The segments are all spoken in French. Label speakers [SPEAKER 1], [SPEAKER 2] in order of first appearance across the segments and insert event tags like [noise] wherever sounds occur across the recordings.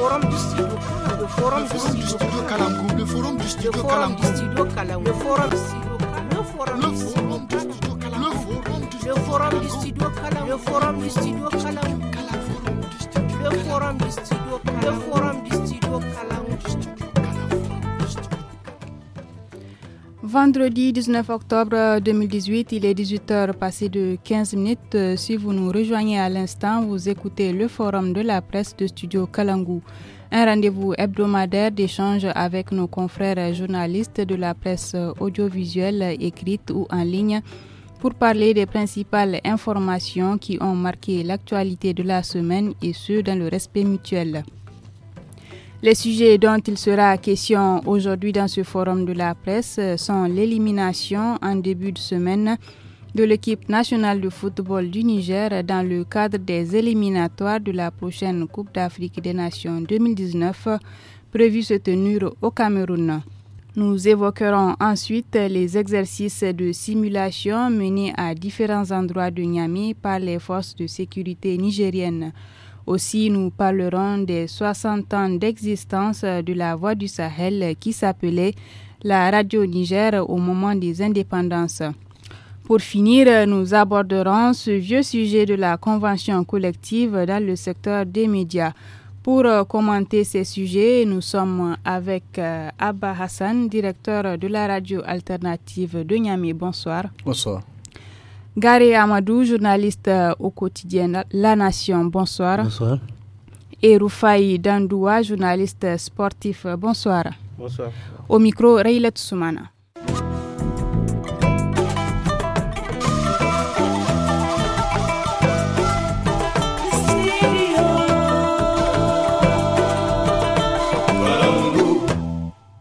[SPEAKER 1] forum du studio le forum du studio forum du studio forum du studio le forum studio le forum studio forum studio le
[SPEAKER 2] forum studio forum studio
[SPEAKER 3] Vendredi 19 octobre 2018, il est 18h passé de 15 minutes. Euh, si vous nous rejoignez à l'instant, vous écoutez le forum de la presse de Studio Kalangou. Un rendez-vous hebdomadaire d'échange avec nos confrères journalistes de la presse audiovisuelle, écrite ou en ligne, pour parler des principales informations qui ont marqué l'actualité de la semaine et ce, dans le respect mutuel. Les sujets dont il sera question aujourd'hui dans ce forum de la presse sont l'élimination en début de semaine de l'équipe nationale de football du Niger dans le cadre des éliminatoires de la prochaine Coupe d'Afrique des Nations 2019 prévue se tenir au Cameroun. Nous évoquerons ensuite les exercices de simulation menés à différents endroits de Niamey par les forces de sécurité nigériennes. Aussi, nous parlerons des 60 ans d'existence de la Voix du Sahel qui s'appelait la Radio Niger au moment des indépendances. Pour finir, nous aborderons ce vieux sujet de la convention collective dans le secteur des médias. Pour commenter ces sujets, nous sommes avec euh, Abba Hassan, directeur de la radio alternative de Niamey. Bonsoir. Bonsoir. Gary Amadou, journaliste euh, au quotidien La Nation, bonsoir. Bonsoir. Et Roufaï Dandoua, journaliste sportif, bonsoir. Bonsoir. Au micro, Raylet Soumana.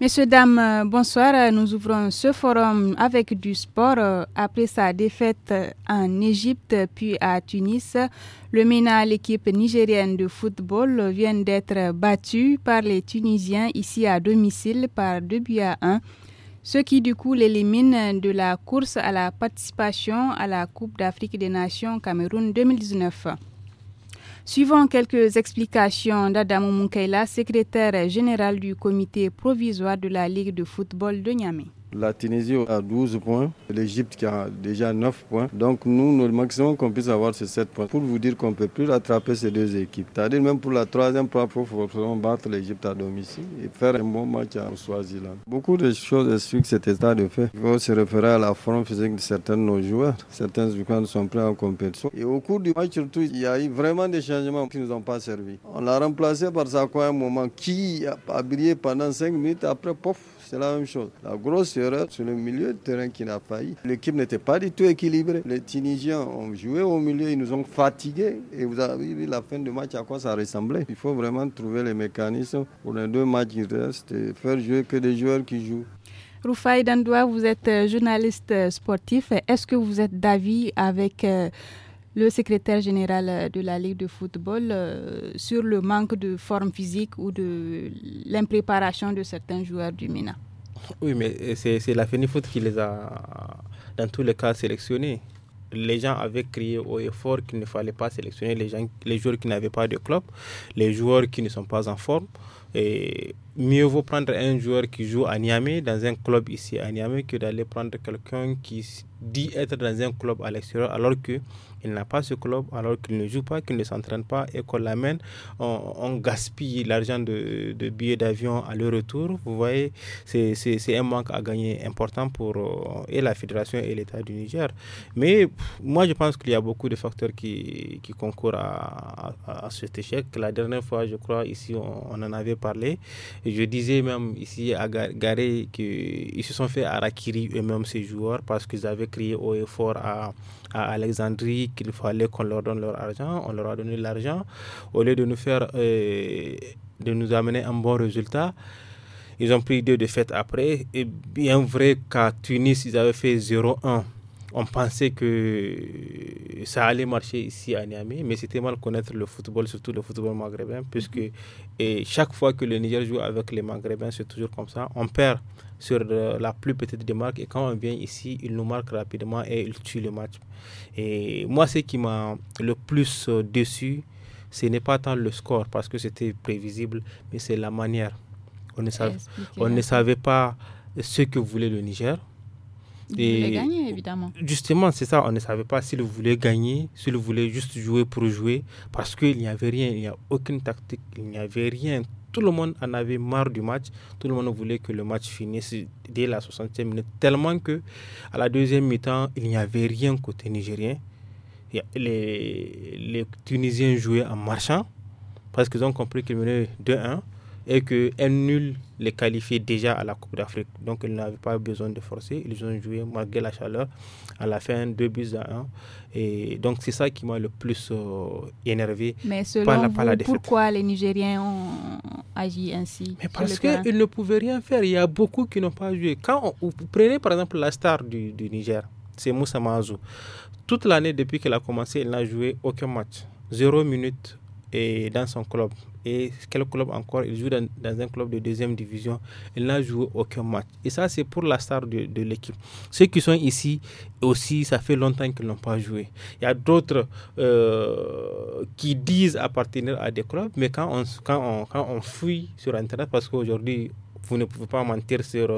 [SPEAKER 3] Messieurs, dames, euh, bonsoir. Nous ouvrons ce forum avec du sport. Euh, après sa défaite euh, en Égypte puis à Tunis, le MENA, l'équipe nigérienne de football, vient d'être battue par les Tunisiens ici à domicile par 2 buts à 1, ce qui du coup l'élimine de la course à la participation à la Coupe d'Afrique des Nations Cameroun 2019. Suivant quelques explications d'Adam Moukaila, secrétaire général du comité provisoire de la Ligue de football de Niamey.
[SPEAKER 4] La Tunisie a 12 points, l'Égypte qui a déjà 9 points. Donc nous, le maximum qu'on puisse avoir, c'est 7 points. Pour vous dire qu'on ne peut plus rattraper ces deux équipes. C'est-à-dire même pour la troisième fois, il faut battre l'Égypte à domicile et faire un bon match à Swaziland. Beaucoup de choses expliquent cet état de fait. Il faut se référer à la forme physique de certains de nos joueurs. Certains joueurs sont prêts en compétition. Et au cours du match, surtout, il y a eu vraiment des changements qui ne nous ont pas servi. On l'a remplacé par ça quoi un moment qui a brillé pendant 5 minutes. Après, pof, c'est la même chose. La grosse erreur, c'est le milieu de terrain qui n'a failli. L'équipe n'était pas du tout équilibrée. Les Tunisiens ont joué au milieu, ils nous ont fatigués. Et vous avez vu la fin du match à quoi ça ressemblait. Il faut vraiment trouver les mécanismes pour les deux matchs qui restent et faire jouer que des joueurs qui jouent.
[SPEAKER 3] Roufaï Dandoua, vous êtes euh, journaliste euh, sportif. Est-ce que vous êtes d'avis avec euh, le secrétaire général euh, de la Ligue de football euh, sur le manque de forme physique ou de l'impréparation de certains joueurs du MENA.
[SPEAKER 2] Oui, mais euh, c'est la Foot qui les a, dans tous les cas, sélectionnés. Les gens avaient crié au effort qu'il ne fallait pas sélectionner les, gens, les joueurs qui n'avaient pas de club, les joueurs qui ne sont pas en forme. Et mieux vaut prendre un joueur qui joue à Niamey, dans un club ici à Niamey, que d'aller prendre quelqu'un qui dit être dans un club à l'extérieur alors que il n'a pas ce club alors qu'il ne joue pas, qu'il ne s'entraîne pas et qu'on l'amène, on, gaspille l'argent de, billets d'avion à leur retour. Vous voyez, c'est un manque à gagner important pour euh, et la fédération et l'État du Niger. Mais moi, je pense qu'il y a beaucoup de facteurs qui, concourent à, cet échec. La dernière fois, je crois, ici, on, en avait parlé. je disais même ici à Garé qu'ils se sont fait à eux-mêmes, ces joueurs, parce qu'ils avaient crié haut et fort à Alexandrie qu'il fallait qu'on leur donne leur argent, on leur a donné l'argent. Au lieu de nous faire, euh, de nous amener un bon résultat, ils ont pris deux défaites après. Et bien vrai qu'à Tunis, ils avaient fait 0-1 on pensait que ça allait marcher ici à Niamey, mais c'était mal connaître le football, surtout le football maghrébin, puisque et chaque fois que le Niger joue avec les Maghrébins, c'est toujours comme ça. On perd sur euh, la plus petite des marques et quand on vient ici, ils nous marquent rapidement et ils tuent le match. Et moi, ce qui m'a le plus euh, déçu, ce n'est pas tant le score, parce que c'était prévisible, mais c'est la manière. On ne, on ne savait pas ce que voulait le Niger gagner, évidemment. Justement, c'est ça, on ne savait pas s'il voulait gagner, s'il voulait juste jouer pour jouer, parce qu'il n'y avait rien, il n'y a aucune tactique, il n'y avait rien. Tout le monde en avait marre du match, tout le monde voulait que le match finisse dès la 60e minute, tellement que à la deuxième mi-temps, il n'y avait rien côté nigérien. Les, les Tunisiens jouaient en marchant, parce qu'ils ont compris qu'ils menaient 2-1 et qu'un nul les qualifiait déjà à la Coupe d'Afrique. Donc ils n'avaient pas besoin de forcer, ils ont joué malgré la chaleur à la fin, deux buts à un. Et donc c'est ça qui m'a le plus euh, énervé. Mais selon par la, vous,
[SPEAKER 3] pourquoi les Nigériens ont agi ainsi parce qu'ils
[SPEAKER 2] ne pouvaient rien faire, il y a beaucoup qui n'ont pas joué. Quand vous prenez par exemple la star du, du Niger, c'est Moussa Mazou. Toute l'année depuis qu'elle a commencé, elle n'a joué aucun match. Zéro minute et dans son club. Et quel club encore Il joue dans, un club de deuxième division. Il n'a joué aucun match. Et ça, c'est pour la star de, de l'équipe. Ceux qui sont ici aussi, ça fait longtemps qu'ils n'ont pas joué. Il y a d'autres euh, qui disent appartenir à des clubs, mais quand on, quand on, quand on fouille sur Internet, parce qu'aujourd'hui, vous ne pouvez pas mentir sur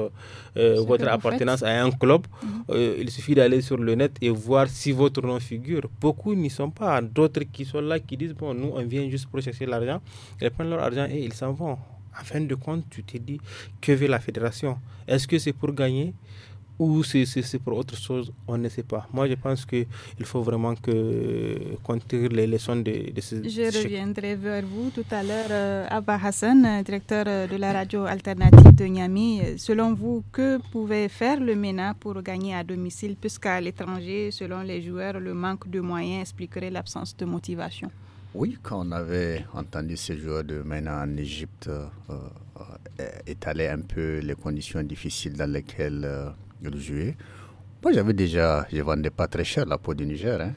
[SPEAKER 2] euh, votre appartenance à un club. Mhm. Euh, il suffit d'aller sur le net et voir si votre nom figure. Beaucoup n'y sont pas. D'autres qui sont là qui disent bon, nous on vient juste pour chercher l'argent. Ils prennent leur argent et ils s'en vont. En fin de compte, tu te dis que veut la fédération Est-ce que c'est pour gagner ou si c'est pour autre chose, on ne sait pas. Moi, je pense qu'il faut vraiment que qu'on tire les leçons de, de ces... Je
[SPEAKER 3] reviendrai vers vous tout à l'heure. Euh, Abba Hassan, directeur euh, de la radio alternative de Niamey, selon vous, que pouvait faire le MENA pour gagner à domicile, puisqu'à l'étranger, selon les joueurs, le manque de moyens expliquerait l'absence de motivation
[SPEAKER 5] oui, quand on avait entendu ces joueurs de MENA en Égypte euh, étaler un peu les conditions difficiles dans lesquelles le juillet. Moi, j'avais déjà, je vendais pas très cher la peau du Niger, hein,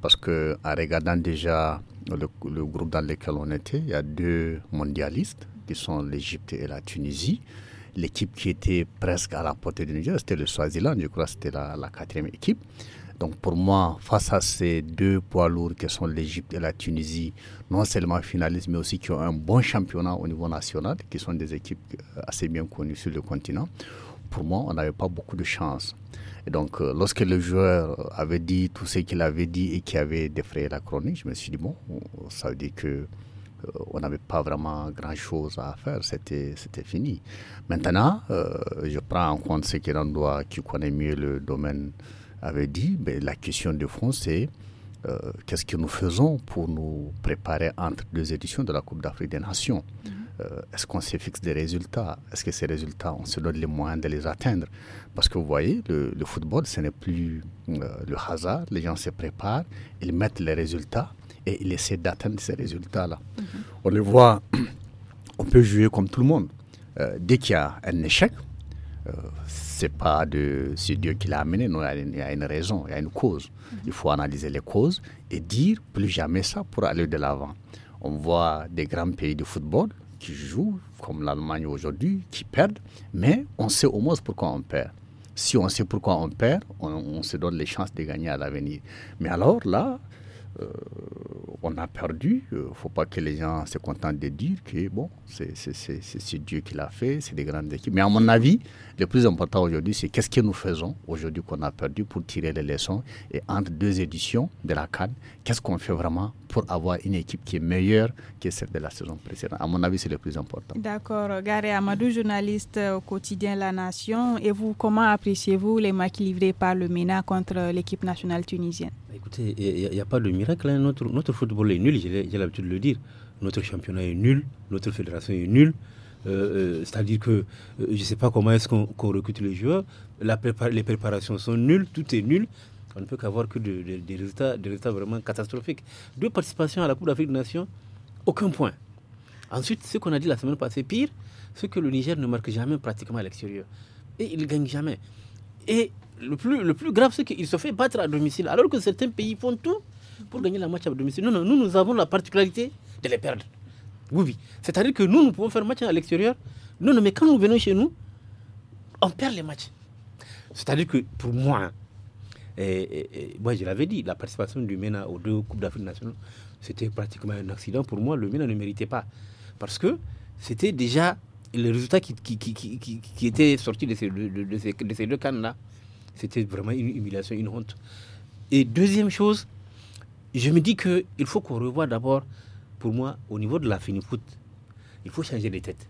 [SPEAKER 5] parce que en regardant déjà le, groupe dans lequel on était, il y a deux mondialistes qui sont l'Égypte et la Tunisie. L'équipe qui était presque à la portée du Niger, c'était le Swaziland, je crois, c'était la, quatrième équipe. Donc pour moi, face à ces deux poids lourds Qui sont l'Égypte et la Tunisie, non seulement finalistes, mais aussi qui ont un bon championnat au niveau national, qui sont des équipes euh, assez bien connues sur le continent, pour moi, on n'avait pas beaucoup de chance. Et donc, euh, lorsque le joueur avait dit tout ce qu'il avait dit et qui avait défrayé la chronique, je me suis dit, bon, ça veut dire que euh, on n'avait pas vraiment grand-chose à faire, c'était fini. Maintenant, euh, je prends en compte ce que doit qui connaît mieux le domaine avait dit, mais la question de fond, c'est qu'est-ce que nous faisons pour nous préparer entre deux éditions de la Coupe d'Afrique des Nations euh, est-ce qu'on se fixe des résultats Est-ce que ces résultats, on se donne les moyens de les atteindre Parce que vous voyez, le, football, ce n'est plus euh, le hasard. Les gens se préparent, ils mettent les résultats et ils essaient d'atteindre ces résultats-là. Mhm. On le voit, [clears throat] on peut jouer comme tout le monde. Euh, dès qu'il y a un échec, c'est pas de Dieu qui l'a amené, il y a une raison, il y a une cause. Mhm. Il faut analyser les causes et dire plus jamais ça pour aller de l'avant. On voit des grands pays de football, qui jouent, comme l'Allemagne aujourd'hui, qui perdent, mais on sait au moins pourquoi on perd. Si on sait pourquoi on perd, on, on se donne les chances de gagner à l'avenir. Mais alors là, euh, on a perdu. Il euh, ne faut pas que les gens se contentent de dire que bon, c'est Dieu qui l'a fait, c'est des grandes équipes. Mais à mon avis, le plus important aujourd'hui, c'est qu'est-ce que nous faisons aujourd'hui qu'on a perdu pour tirer les leçons et entre deux éditions de la Cannes, qu'est-ce qu'on fait vraiment pour avoir une équipe qui est meilleure que celle de la saison précédente. À mon avis, c'est le plus important.
[SPEAKER 3] D'accord. Gare Amadou, journaliste au quotidien La Nation. Et vous, comment appréciez-vous les matchs livrés par le MENA contre l'équipe nationale tunisienne
[SPEAKER 1] Écoutez, il n'y a, pas de notre, football est nul, j'ai l'habitude de le dire. Notre championnat est nul, notre fédération est nulle. Euh, euh, c'est-à-dire que euh, je ne sais pas comment est-ce qu'on recrute les joueurs. les préparations sont nulles, tout est nul. On ne peut qu'avoir que des, résultats, des résultats vraiment catastrophiques. Deux participations à la Coupe d'Afrique des Nations, aucun point. Ensuite, ce qu'on a dit la semaine passée, pire, c'est que le Niger ne marque jamais pratiquement à l'extérieur. Et il ne gagne jamais. Et le plus grave, c'est qu'il se fait battre à domicile, alors que certains pays font tout pour gagner la match à domicile. Non, non, nous, nous avons la particularité de les perdre. Oui, C'est-à-dire que nous, nous pouvons faire match à l'extérieur. Non, non, mais quand nous venons chez nous, on perd les matchs. C'est-à-dire que pour moi, hein, moi je l'avais dit, la participation du MENA aux deux Coupes d'Afrique nationale, c'était pratiquement un accident. Pour moi, le MENA ne méritait pas. Parce que c'était déjà le résultat qui, qui, qui, qui, était sorti de ces, de ces deux cannes-là. C'était vraiment une humiliation, une honte. Et deuxième chose, je me dis qu'il faut qu'on revoie d'abord, pour moi, au niveau de la foot, il faut changer les têtes.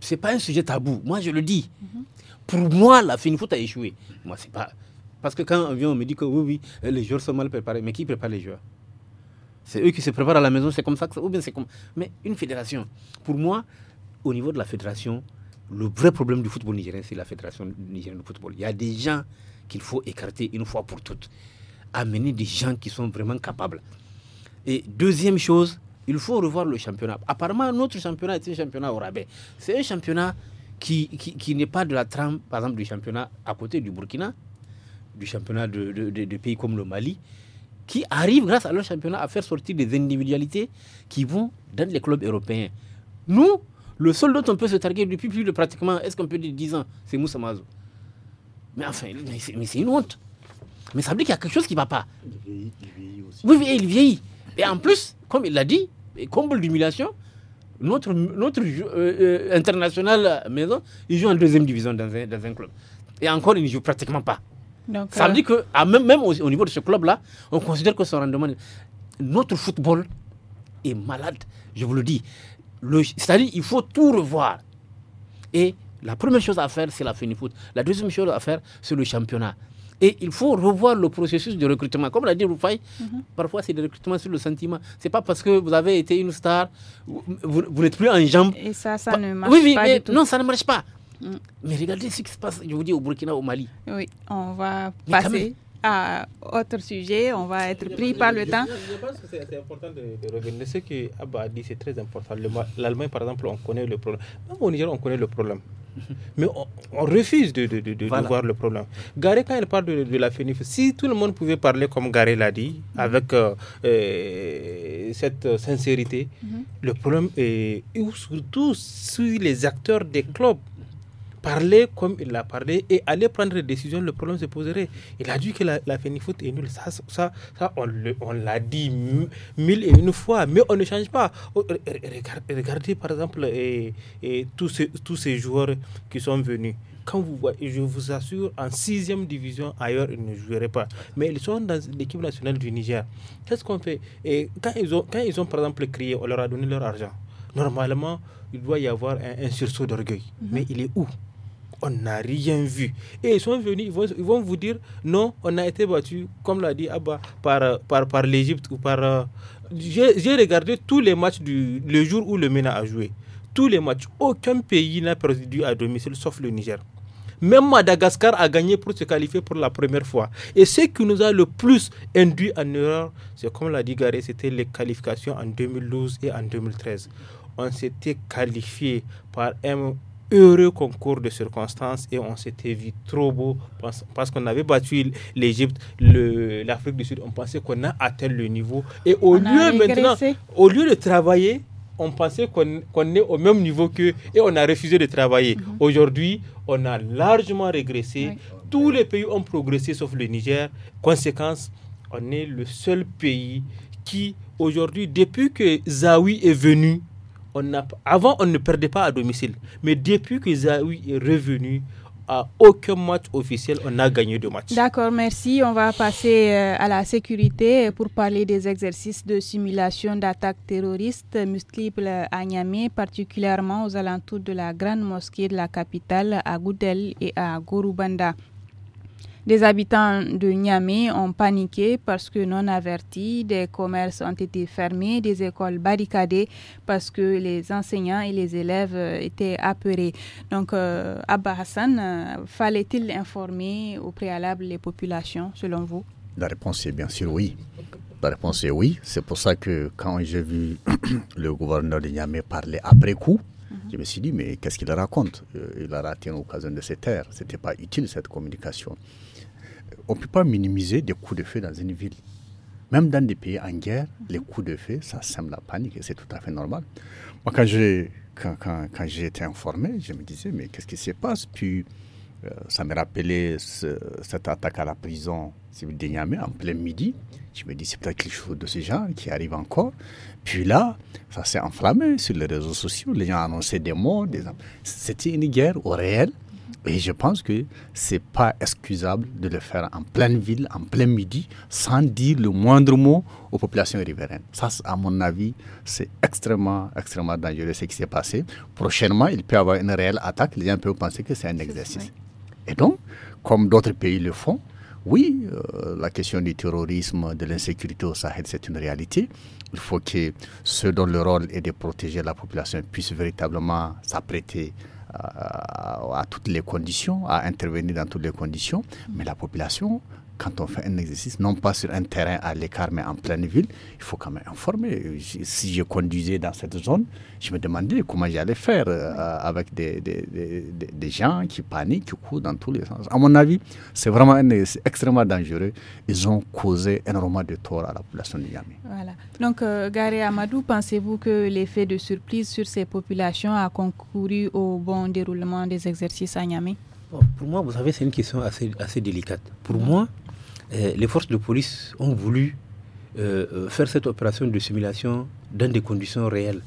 [SPEAKER 1] Ce n'est pas un sujet tabou, moi je le dis. Mhm. Pour moi, la finifoot a échoué. Moi, c'est pas. Parce que quand on vient, on me dit que oui, oui, les joueurs sont mal préparés. Mais qui prépare les joueurs C'est eux qui se préparent à la maison, c'est comme ça que ça. Ou bien c'est comme. Mais une fédération. Pour moi, au niveau de la fédération, le vrai problème du football nigérien, c'est la fédération nigérienne de football. Il y a des gens qu'il faut écarter une fois pour toutes amener des gens qui sont vraiment capables. Et deuxième chose, il faut revoir le championnat. Apparemment, notre championnat est un championnat au rabais. C'est un championnat qui, qui, n'est pas de la trame, par exemple, du championnat à côté du Burkina, du championnat de, pays comme le Mali, qui arrive grâce à leur championnat, à faire sortir des individualités qui vont dans les clubs européens. Nous, le seul dont on peut se targuer depuis plus de pratiquement, est-ce qu'on peut dire 10 ans, c'est Moussa Mazo Mais enfin, c'est une honte. Mais ça veut dire qu'il y a quelque chose qui ne va pas. Il vieillit, il vieillit aussi. Oui, il vieillit. Et en plus, comme il l'a dit, comble d'humiliation, notre, notre euh, euh, international maison, il joue en deuxième division dans un, club. Et encore, il ne joue pratiquement pas. ça veut euh, dire que, même, au, niveau de ce club-là, on considère que son rendement. Notre football est malade, je vous le dis. c'est-à-dire qu'il faut tout revoir. Et la première chose à faire, c'est la fin du foot. La deuxième chose à faire, c'est le championnat. Et il faut revoir le processus de recrutement. Comme l'a dit Roufaï, mhm. parfois c'est le recrutement sur le sentiment. Ce n'est pas parce que vous avez été une star, vous, n'êtes plus en jambe.
[SPEAKER 3] Et ça, ça ne marche pas oui, pas. Oui, mais non, ça ne marche pas. Mm.
[SPEAKER 1] Mais regardez ce qui se passe, je vous dis, au Burkina, au Mali.
[SPEAKER 3] Oui, on va passer à autre sujet. On va être pris par le temps. Je
[SPEAKER 2] pense que c'est important de, de, revenir. Ce que Abba a dit, c'est très important. L'Allemagne, par exemple, on connaît le problème. Même au Niger, on connaît le problème. [laughs] Mais on, refuse de, voir le problème. Garé, quand il parle de, la FENIF, si tout le monde pouvait parler comme Garé l'a dit, avec euh, euh, cette euh, sincérité, mhm. le problème est surtout sur les acteurs des clubs parler comme il l'a parlé et aller prendre des décisions, le problème se poserait. Il a dit que la, la est nulle. Ça, ça, ça on l'a dit mille et une fois, mais on ne change pas. Oh, regardez par exemple et, tous, ces, tous ces joueurs qui sont venus quand vous je vous assure, en sixième division, ailleurs, ils ne joueraient pas. Mais ils sont dans l'équipe nationale du Niger. Qu'est-ce qu'on fait Et quand ils, ont, quand ils ont, par exemple, crié, on leur a donné leur argent. Normalement, il doit y avoir un, sursaut d'orgueil. Mhm. Mais il est où on n'a rien vu. Et ils sont venus, ils vont, vous dire, non, on a été battu, comme l'a dit Abba, par, par, par l'Égypte ou par... Euh, j'ai regardé tous les matchs le jour où le MENA a joué. Tous les matchs. Aucun pays n'a perdu à domicile, sauf le Niger. Même Madagascar a gagné pour se qualifier pour la première fois. Et ce qui nous a le plus induit en erreur, c'est comme l'a dit Garé, c'était les qualifications en 2012 et en 2013. On s'était qualifié par un heureux concours de circonstances et on s'était vu trop beau parce, qu'on avait battu l'Égypte, l'Afrique du Sud. On pensait qu'on a atteint le niveau. Et au lieu maintenant, au lieu de travailler, on pensait qu'on est au même niveau qu'eux et on a refusé de travailler. Mhm. Aujourd'hui, on a largement régressé. Tous les pays ont progressé sauf le Niger. Conséquence, on est le seul pays qui, aujourd'hui, depuis que Zawi est venu, on avant, on ne perdait pas à domicile. Mais depuis que sont est revenu, à aucun match officiel, on a gagné deux matchs.
[SPEAKER 3] D'accord, merci. On va passer euh, à la sécurité pour parler des exercices de simulation d'attaques terroristes multiples à Niamey, particulièrement aux alentours de la grande mosquée de la capitale, à Goudel et à Gorubanda. Les habitants de Niamey ont paniqué parce que non avertis, des commerces ont été fermés, des écoles barricadées parce que les enseignants et les élèves euh, étaient apeurés. Donc, euh, Abba Hassan, euh, fallait-il informer au préalable les populations, selon vous
[SPEAKER 5] La réponse est bien sûr oui. La réponse est oui. C'est pour ça que quand j'ai vu [clears throat] le gouverneur de Niamey parler après coup, mhm. je me suis dit, mais qu'est-ce qu'il raconte Il a raté l'occasion de se taire. Ce n'était pas utile cette communication on ne peut pas minimiser des coups de feu dans une ville. Même dans des pays en guerre, les coups de feu, ça sème la panique et c'est tout à fait normal. Moi, quand j'ai quand, quand, été informé, je me disais, mais qu'est-ce qui se passe Puis euh, ça me rappelait cette attaque à la prison civile de Niamey en plein midi. Je me dis, c'est peut-être quelque chose de ce genre qui arrive encore. Puis là, ça s'est enflammé sur les réseaux sociaux. Les gens annonçaient des morts. Des... C'était une guerre au réel et je pense que ce n'est pas excusable de le faire en pleine ville, en plein midi, sans dire le moindre mot aux populations riveraines. Ça, à mon avis, c'est extrêmement, extrêmement dangereux ce qui s'est passé. Prochainement, il peut y avoir une réelle attaque. Les gens peuvent penser que c'est un exercice. Et donc, comme d'autres pays le font, oui, euh, la question du terrorisme, de l'insécurité au Sahel, c'est une réalité. Il faut que ceux dont le rôle est de protéger la population puissent véritablement s'apprêter euh, à, toutes les conditions, à intervenir dans toutes les conditions, mais la population quand on fait un exercice, non pas sur un terrain à l'écart, mais en pleine ville, il faut quand même informer. Si je conduisais dans cette zone, je me demandais comment j'allais faire euh, avec des, des, des, gens qui paniquent, qui courent dans tous les sens. À mon avis, c'est vraiment extrêmement dangereux. Ils ont causé énormément de tort à la population de Niamey.
[SPEAKER 3] Voilà. Donc, euh, Gary Amadou, pensez-vous que l'effet de surprise sur ces populations a concouru au bon déroulement des exercices à Niamey pour moi,
[SPEAKER 1] vous savez, c'est une question assez, assez délicate. Pour moi, eh, les forces de police ont voulu euh, euh, faire cette opération de simulation dans des conditions réelles.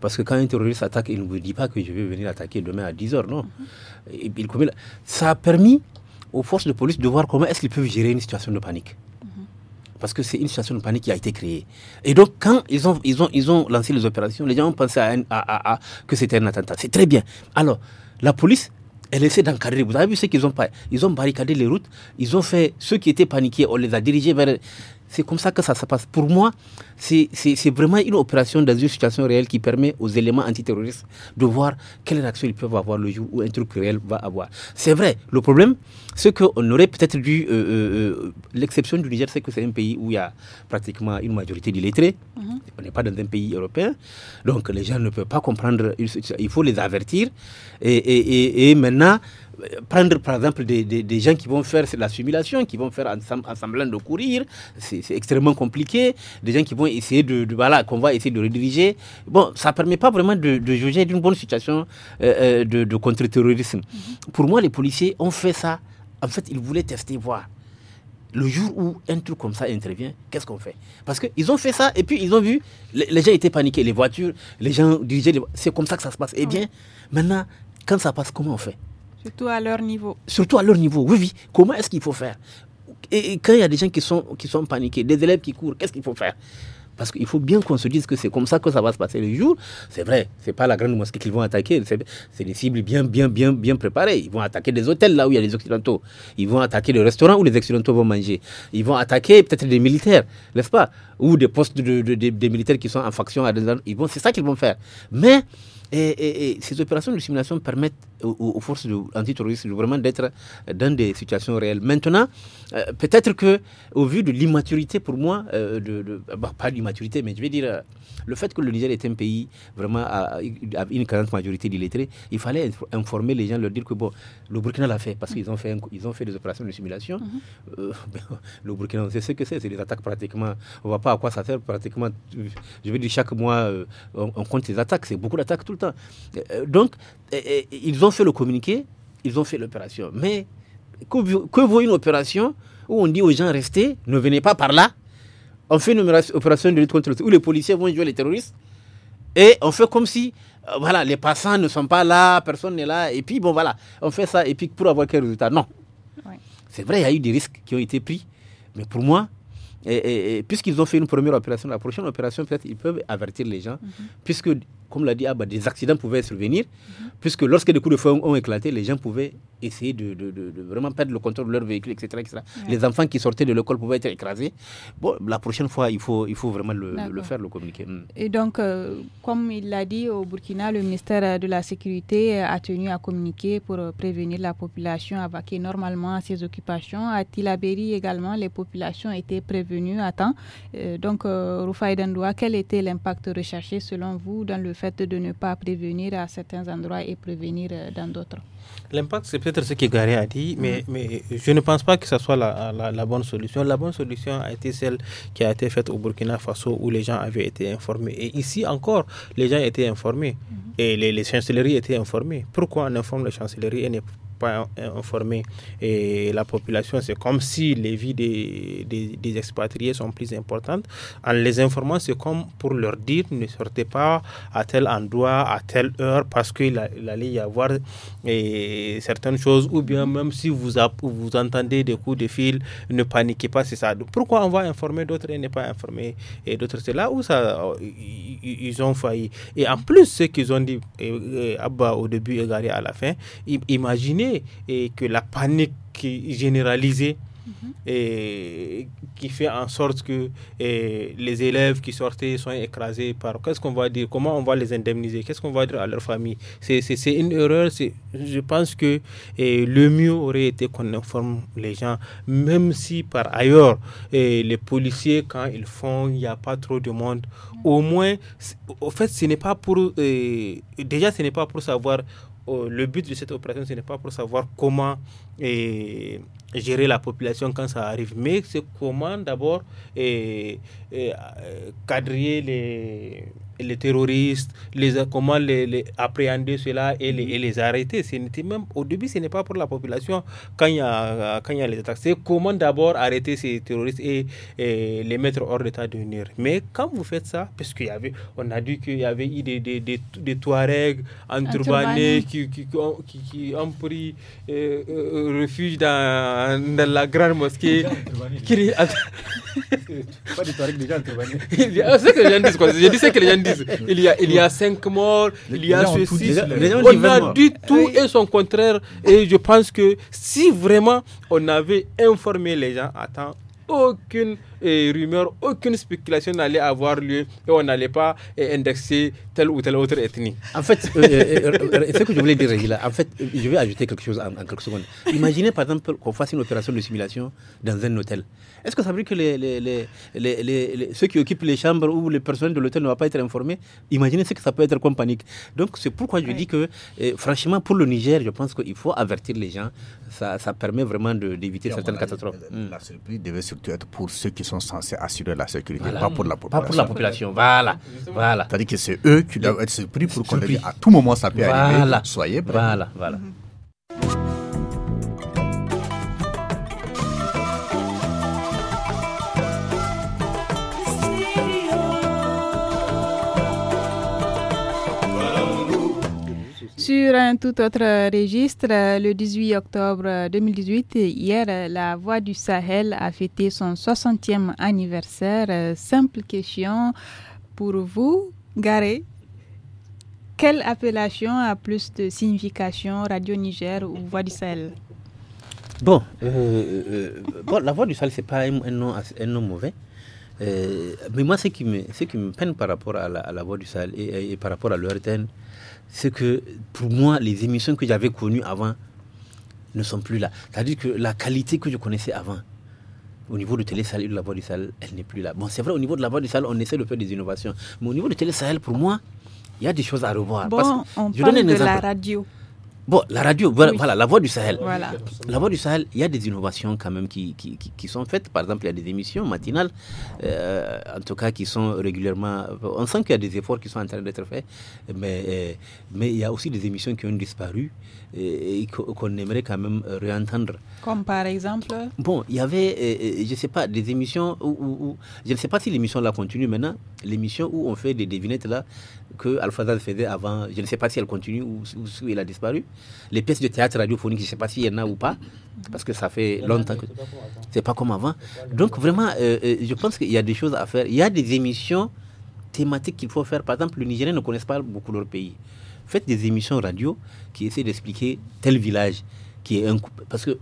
[SPEAKER 1] Parce que quand un terroriste attaque, il ne vous dit pas que je vais venir attaquer demain à 10h, non. Mhm. Ça a permis aux forces de police de voir comment est-ce qu'ils peuvent gérer une situation de panique. Mhm. Parce que c'est une situation de panique qui a été créée. Et donc, quand ils ont, ils ont, ils ont lancé les opérations, les gens ont pensé à que c'était un attentat. C'est très bien. Alors, la police elle essaie d'encadrer. Vous avez vu ce qu'ils ont pas Ils ont barricadé les routes, ils ont fait ceux qui étaient paniqués, on les a dirigés vers c'est comme ça que ça se passe. Pour moi, c'est vraiment une opération dans une situation réelle qui permet aux éléments antiterroristes de voir quelle réaction ils peuvent avoir le jour où un truc réel va avoir. C'est vrai, le problème, c'est qu'on aurait peut-être dû... Euh, euh, euh, l'exception du Niger, c'est que c'est un pays où il y a pratiquement une majorité d'illettrés. Mhm. On n'est pas dans un pays européen. Donc les gens ne peuvent pas comprendre. Il faut les avertir. et, et maintenant prendre par exemple des, gens qui vont faire la simulation, qui vont faire en semblant de courir, c'est extrêmement compliqué. Des gens qui vont essayer de, voilà, qu'on va essayer de rediriger. Bon, ça permet pas vraiment de, juger d'une bonne situation euh, euh, de, contre-terrorisme. Mhm. Pour moi, les policiers ont fait ça. En fait, ils voulaient tester, voir le jour où un truc comme ça intervient, qu'est-ce qu'on fait Parce qu'ils ont fait ça et puis ils ont vu, les, gens étaient paniqués, les voitures, les gens dirigeaient, c'est comme ça que ça se passe. Eh ah bien, maintenant, quand ça passe, comment on fait
[SPEAKER 3] Surtout à leur niveau.
[SPEAKER 1] Surtout à leur niveau, oui, oui. Comment est-ce qu'il faut faire et, quand il y a des gens qui sont, qui sont paniqués, des élèves qui courent, qu'est-ce qu'il faut faire parce qu'il faut bien qu'on se dise que c'est comme ça que ça va se passer le jour. C'est vrai, ce n'est pas la grande mosquée qu'ils vont attaquer. C'est des cibles bien, bien, bien, bien préparées. Ils vont attaquer des hôtels là où il y a des Occidentaux. Ils vont attaquer des restaurants où les Occidentaux vont manger. Ils vont attaquer peut-être des militaires, n'est-ce pas Ou des postes de, des militaires qui sont en faction. À des... Ils c'est ça qu'ils vont faire. Mais ces opérations de simulation permettent aux, forces antiterroristes vraiment d'être dans des situations réelles. Maintenant, euh, peut-être que au vu de l'immaturité, pour moi, euh, de, bah, pas l'immaturité, mais je vais dire euh, le fait que le Niger est un pays vraiment à, une grande majorité d'illettrés, il fallait informer les gens, leur dire que bon, le Burkina l'a fait parce qu'ils ont fait ils ont fait des opérations de simulation. Mhm. [laughs] le Burkina, on sait ce que c'est, c'est des attaques pratiquement. On voit pas à quoi ça sert pratiquement. Je veux dire chaque mois, on, compte des attaques, c'est beaucoup d'attaques tout le temps. donc, ils ont fait le communiqué, ils ont fait l'opération. Mais que, que, vaut une opération où on dit aux gens restez, ne venez pas par là On fait une opération de lutte contre le où les policiers vont jouer les terroristes et on fait comme si euh, voilà, les passants ne sont pas là, personne n'est là, et puis bon voilà, on fait ça et puis pour avoir quel résultat Non. C'est vrai, il y a eu des risques qui ont été pris, mais pour moi, et, puisqu'ils ont fait une première opération, la prochaine opération, peut-être, ils peuvent avertir les gens, mhm. puisque comme l'a dit Abba, des accidents pouvaient survenir, puisque lorsque des coups de feu ont, éclaté, les gens pouvaient essayer de, vraiment perdre le contrôle de leur véhicule, etc. Les enfants qui sortaient de l'école pouvaient être écrasés. Bon, la prochaine fois, il faut, il faut vraiment le, faire, le communiquer. Hmm.
[SPEAKER 3] Et donc, euh, comme il l'a dit, au Burkina, le ministère de la Sécurité a tenu à communiquer pour euh, prévenir la population à vaquer normalement à ses occupations. À Tilaberi également, les populations étaient prévenues à temps. Euh, donc, euh, Rufai quel était l'impact recherché selon vous dans le fait fait de ne pas prévenir à certains endroits et prévenir euh, dans d'autres.
[SPEAKER 2] L'impact, c'est peut-être ce que Gary a dit, mais, mm. mais je ne pense pas que ce soit la, la, bonne solution. La bonne solution a été celle qui a été faite au Burkina Faso où les gens avaient été informés. Et ici encore, les gens étaient informés mm-hmm. et les, chancelleries étaient informées. Pourquoi on informe les chancelleries et ne informer et la population. C'est comme si les vies des, des, expatriés sont plus importantes. En les informant, c'est comme pour leur dire ne sortez pas à tel endroit, à telle heure, parce qu'il allait y avoir certaines choses, ou bien même si vous, vous entendez des coups de fil, ne paniquez pas, c'est ça. Pourquoi on va informer d'autres et ne pas informer d'autres C'est là où ça, ils ont failli. Et en plus, ce qu'ils ont dit, au début et à la fin, imaginez et que la panique généralisée mhm. et qui fait en sorte que les élèves qui sortaient sont écrasés par qu'est-ce qu'on va dire, comment on va les indemniser, qu'est-ce qu'on va dire à leur famille. C'est une erreur. Je pense que le mieux aurait été qu'on informe les gens, même si par ailleurs les policiers, quand ils font, il n'y a pas trop de monde. Mhm. Au moins, au fait, ce n'est pas pour. déjà, ce n'est pas pour savoir le but de cette opération, ce n'est pas pour savoir comment eh, gérer la population quand ça arrive, mais c'est comment d'abord et eh, eh, cadrer les les terroristes, les, comment les, appréhender cela et les, les arrêter. Même, au début, ce n'est pas pour la population quand il y a, quand il y a les attaques. C'est comment d'abord arrêter ces terroristes et, les mettre hors d'état de nuire. Mais quand vous faites ça, parce qu'il y avait, on a dit qu'il y avait des, des, des, des Touaregs entourbanés qui, qui, qui, ont, pris euh, euh, refuge dans, la grande mosquée. [laughs] pas des [laughs] que
[SPEAKER 6] les gens disent Je que les gens il y a, il y a
[SPEAKER 2] cinq morts, il y a ceci. On a dit tout et son contraire. Et je pense que si vraiment on avait informé les gens à aucune et aucune spéculation n'allait avoir lieu et on n'allait pas eh, indexer telle ou telle autre ethnie.
[SPEAKER 1] En fait, euh, euh, euh, c'est ce que je voulais dire, là, en fait, je vais ajouter quelque chose en, quelques secondes. Imaginez par exemple qu'on fasse une opération de simulation dans un hôtel. Est-ce que ça veut dire que les, les, les, les, ceux qui occupent les chambres ou les personnes de l'hôtel ne vont pas être informés Imaginez ce que ça peut être comme panique. Donc c'est pourquoi je dis que, eh, franchement, pour le Niger, je pense qu'il faut avertir les gens. Ça, ça
[SPEAKER 5] permet vraiment d'éviter certaines catastrophes. La, devait surtout être pour ceux qui sont sont censés assurer la sécurité, pas pour la population. Pas pour la population, voilà. voilà. C'est-à-dire que c'est eux qui doivent être surpris pour qu'on le à tout moment ça peut voilà. arriver, soyez prêts. Voilà, voilà. Mm-hmm.
[SPEAKER 3] Sur un tout autre registre, le 18 octobre 2018, hier, la Voix du Sahel a fêté son 60e anniversaire. Simple question pour vous, Garé. Quelle appellation a plus de signification Radio Niger ou Voix du Sahel
[SPEAKER 1] Bon, euh, euh, la Voix du Sahel, ce n'est pas un nom mauvais. Eh, mais moi, ce qui, me, ce qui me peine par rapport à la, voix du Sahel et, par rapport à l'ORTN, c'est que pour moi, les émissions que j'avais connues avant ne sont plus là. C'est-à-dire que la qualité que je connaissais avant, au niveau de télé de la voix du Sahel, elle n'est plus là. Bon, c'est vrai, au niveau de la voix du Sahel, on essaie de faire des innovations. Mais au niveau de télé Sahel, pour moi, il y a des choses à revoir. Bon, on de la radio. Bon, la radio, voilà, la voix du Sahel. Voilà. La voix du Sahel, il y a des innovations quand même qui, qui, qui sont faites. Par exemple, il y a des émissions matinales, euh, en tout cas qui sont régulièrement... On sent qu'il y a des efforts qui sont en train d'être faits, mais, euh, mais il y a aussi des émissions qui ont disparu et, qu'on aimerait quand même réentendre.
[SPEAKER 3] Comme par exemple
[SPEAKER 1] Bon, il y avait, euh, je ne sais pas, des émissions où, où Je ne sais pas si l'émission là continue maintenant, l'émission où on fait des devinettes là, que faisait avant, je ne sais pas si elle continue ou, si elle a disparu. Les pièces de théâtre radiophonique, je ne sais pas s'il y en a ou pas, parce que ça fait longtemps que. C'est pas comme avant. Donc, vraiment, euh, euh, je pense qu'il y a des choses à faire. Il y a des émissions thématiques qu'il faut faire. Par exemple, les Nigériens ne connaissent pas beaucoup leur pays. Faites des émissions radio qui essaient d'expliquer tel village qui est un. Parce que,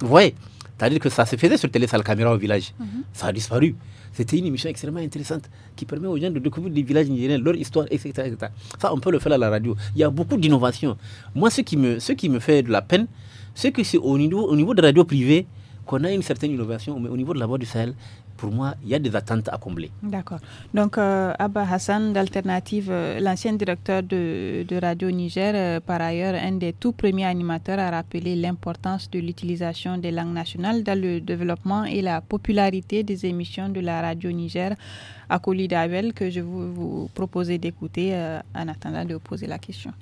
[SPEAKER 1] vous voyez, c'est-à-dire que ça se faisait sur Télé Salle Caméra au village. Mhm. Ça a disparu. C'était une émission extrêmement intéressante qui permet aux gens de découvrir des villages nigériens, leur histoire, etc., Ça, on peut le faire à la radio. Il y a beaucoup d'innovations. Moi, ce qui, me, ce qui me fait de la peine, c'est que c'est au niveau, au niveau de radio privée qu'on a une certaine innovation, mais au niveau de la voix du Sahel, pour moi, il y a des attentes à combler.
[SPEAKER 3] D'accord. Donc, euh, Abba Hassan d'Alternative, euh, l'ancien directeur de, Radio Niger, euh, par ailleurs, un des tout premiers animateurs à rappeler l'importance de l'utilisation des langues nationales dans le développement et la popularité des émissions de la Radio Niger à Colidabel que je vous, vous proposais d'écouter en attendant de poser la question.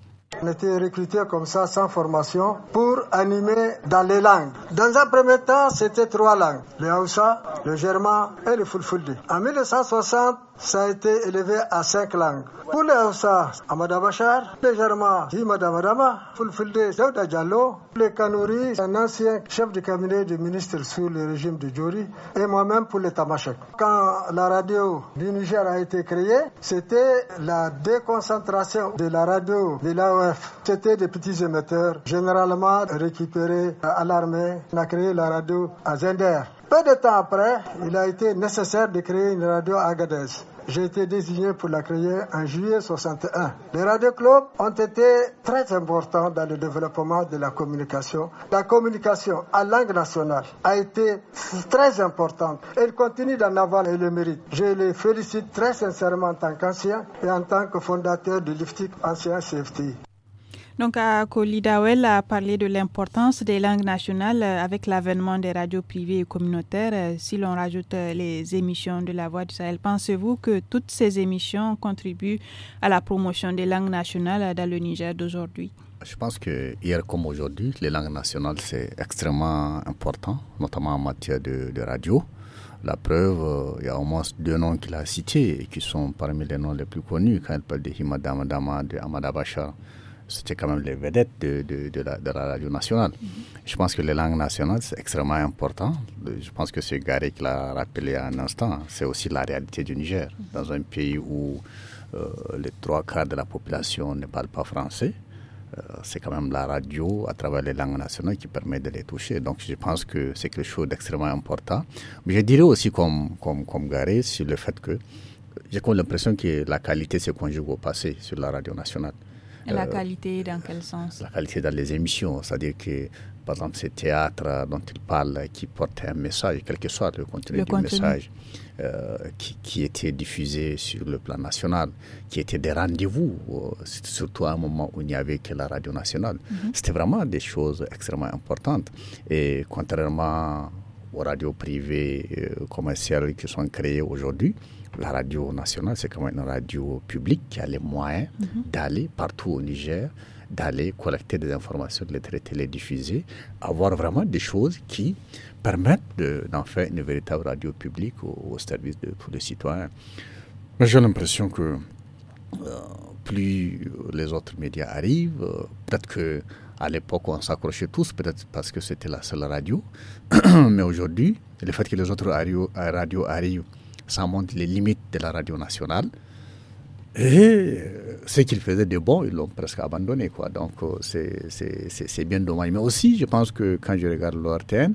[SPEAKER 6] On était recrutés comme ça, sans formation, pour animer dans les langues. Dans un premier temps, c'était trois langues, le Hausa, le German et le Fulfulde. En 1960, ça a été élevé à cinq langues. Pour les Hausa, Amada Bachar, les Germains, Himada Madama, Fulfilde le Diallo, les Kanouri, un ancien chef du cabinet du ministre sous le régime de Djori, et moi-même pour les Tamashek. Quand la radio du Niger a été créée, c'était la déconcentration de la radio de l'AOF. C'était des petits émetteurs, généralement récupérés à l'armée. On a créé la radio à Zender. Peu de temps après, il a été nécessaire de créer une radio à Agadez. J'ai été désigné pour la créer en juillet 61. Les radios-clubs ont été très importants dans le développement de la communication. La communication à langue nationale a été très importante. Elle continue d'en avoir le mérite. Je les félicite très sincèrement en tant qu'ancien et en tant que fondateur du LIFTIC ancien CFT.
[SPEAKER 3] Donc, Kolidawel a parlé de l'importance des langues nationales euh, avec l'avènement des radios privées et communautaires. Euh, si l'on rajoute euh, les émissions de la Voix du Sahel, pensez-vous que toutes ces émissions contribuent à la promotion des langues nationales dans le Niger d'aujourd'hui
[SPEAKER 5] Je pense que hier comme aujourd'hui, les langues nationales, c'est extrêmement important, notamment en matière de, radio. La preuve, il y a au moins deux noms qu'il a cités et qui sont parmi les noms les plus connus quand il parle de Himadama, de Amada Bachar c'était quand même les vedettes de, de, la, radio nationale. Mm-hmm. Je pense que les langues nationales, c'est extrêmement important. Je pense que c'est Gary qui l'a rappelé à un instant. C'est aussi la réalité du Niger, mm-hmm. dans un pays où euh, les trois quarts de la population ne parle pas français. Euh, c'est quand même la radio à travers les langues nationales qui permet de les toucher. Donc je pense que c'est quelque chose d'extrêmement important. Mais je dirais aussi comme, comme, comme Garé sur le fait que j'ai l'impression que la qualité se conjugue au passé sur la radio nationale.
[SPEAKER 3] Euh, la qualité dans quel sens La
[SPEAKER 5] qualité dans les émissions, c'est-à-dire que par exemple, ces théâtres dont il parle qui portaient un message, quel que soit le contenu du message, euh, qui, qui, était diffusé sur le plan national, qui était des rendez-vous, euh, surtout à un moment où il n'y avait que la radio nationale. Mhm. C'était vraiment des choses extrêmement importantes. Et contrairement aux radios privées commerciales qui sont créées aujourd'hui, la radio nationale, c'est quand même une radio publique qui a les moyens mhm. d'aller partout au Niger, d'aller collecter des informations, les traiter, les diffuser, avoir vraiment des choses qui permettent d'en faire une véritable radio publique au, service de tous les citoyens. j'ai l'impression que euh, plus les autres médias arrivent, euh, peut-être que à l'époque on s'accrochait tous, peut-être parce que c'était la seule radio, [coughs] mais aujourd'hui, le fait que les autres radios radio arrivent ça montre les limites de la radio nationale. Et euh, ce qu'ils faisaient de bon, ils l'ont presque abandonné. Quoi. Donc euh, c'est bien dommage. Mais aussi, je pense que quand je regarde l'ORTN,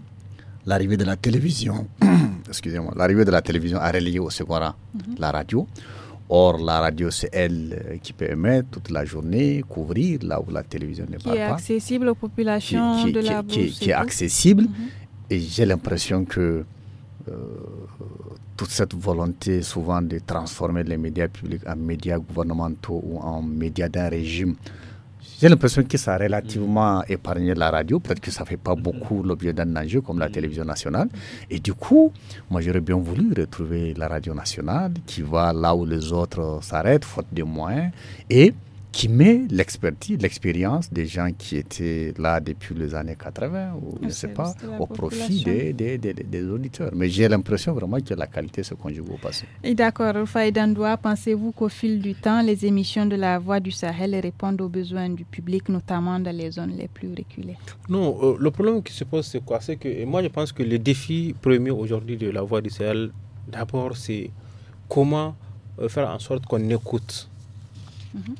[SPEAKER 5] l'arrivée de la télévision, [clears throat] excusez-moi, l'arrivée de la télévision a relié au second mhm. la radio. Or, la radio, c'est elle euh, qui permet toute la journée, couvrir là où la télévision n'est pas. Qui est
[SPEAKER 3] accessible aux populations qui, de la Qui, est
[SPEAKER 5] accessible. Mhm. Et j'ai l'impression que euh, toute cette volonté souvent de transformer les médias publics en médias gouvernementaux ou en médias d'un régime. J'ai l'impression que ça a relativement mm. épargné la radio. Peut-être que ça ne fait pas mm-hmm. beaucoup l'objet d'un enjeu comme la mm-hmm. télévision nationale. Et du coup, moi, j'aurais bien voulu retrouver la radio nationale qui va là où les autres s'arrêtent, faute de moyens. Et qui met l'expertise, l'expérience des gens qui étaient là depuis les années 80, ou je ne sais pas, au profit des, auditeurs. Mais j'ai l'impression vraiment que la qualité se conjugue au passé.
[SPEAKER 3] Et d'accord, Rufai Dandoua, pensez-vous qu'au fil du temps, les émissions de la Voix du Sahel répondent aux besoins du public, notamment dans les zones les plus reculées
[SPEAKER 2] Non, euh, le problème qui se pose, c'est quoi C'est que moi, je pense que le défi premier aujourd'hui de la Voix du Sahel, d'abord, c'est comment euh, faire en sorte qu'on écoute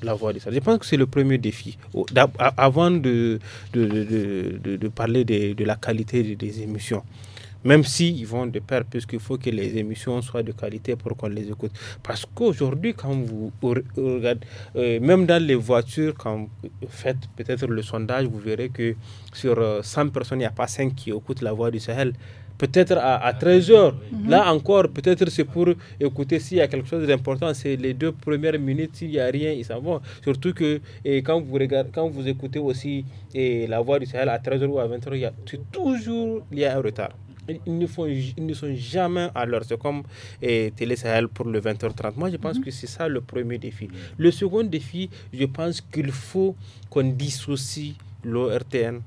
[SPEAKER 2] la voix ça. Je pense que c'est le premier défi. Avant de, de, de, parler de, la qualité des émissions, même s'ils ils vont de pair, puisqu'il faut que les émissions soient de qualité pour qu'on les écoute. Parce qu'aujourd'hui, quand vous regardez, euh, même dans les voitures, quand vous faites peut-être le sondage, vous verrez que sur 100 euh, personnes, il n'y a pas 5 qui écoutent la voix du Sahel peut-être à, 13 heures. Mhm. Là encore, peut-être c'est pour écouter s'il y a quelque chose d'important. C'est les deux premières minutes, s'il n'y a rien, ils s'en vont. Surtout que et quand, vous regardez, quand vous écoutez aussi et la voix du Sahel à 13 h ou à 20 h il y a, toujours il y a un retard. Ils ne, font, ils ne sont jamais à l'heure. C'est comme et Télé Sahel pour le 20h30. Moi, je pense mhm. que c'est ça le premier défi. Le second défi, je pense qu'il faut qu'on dissocie l'ORTN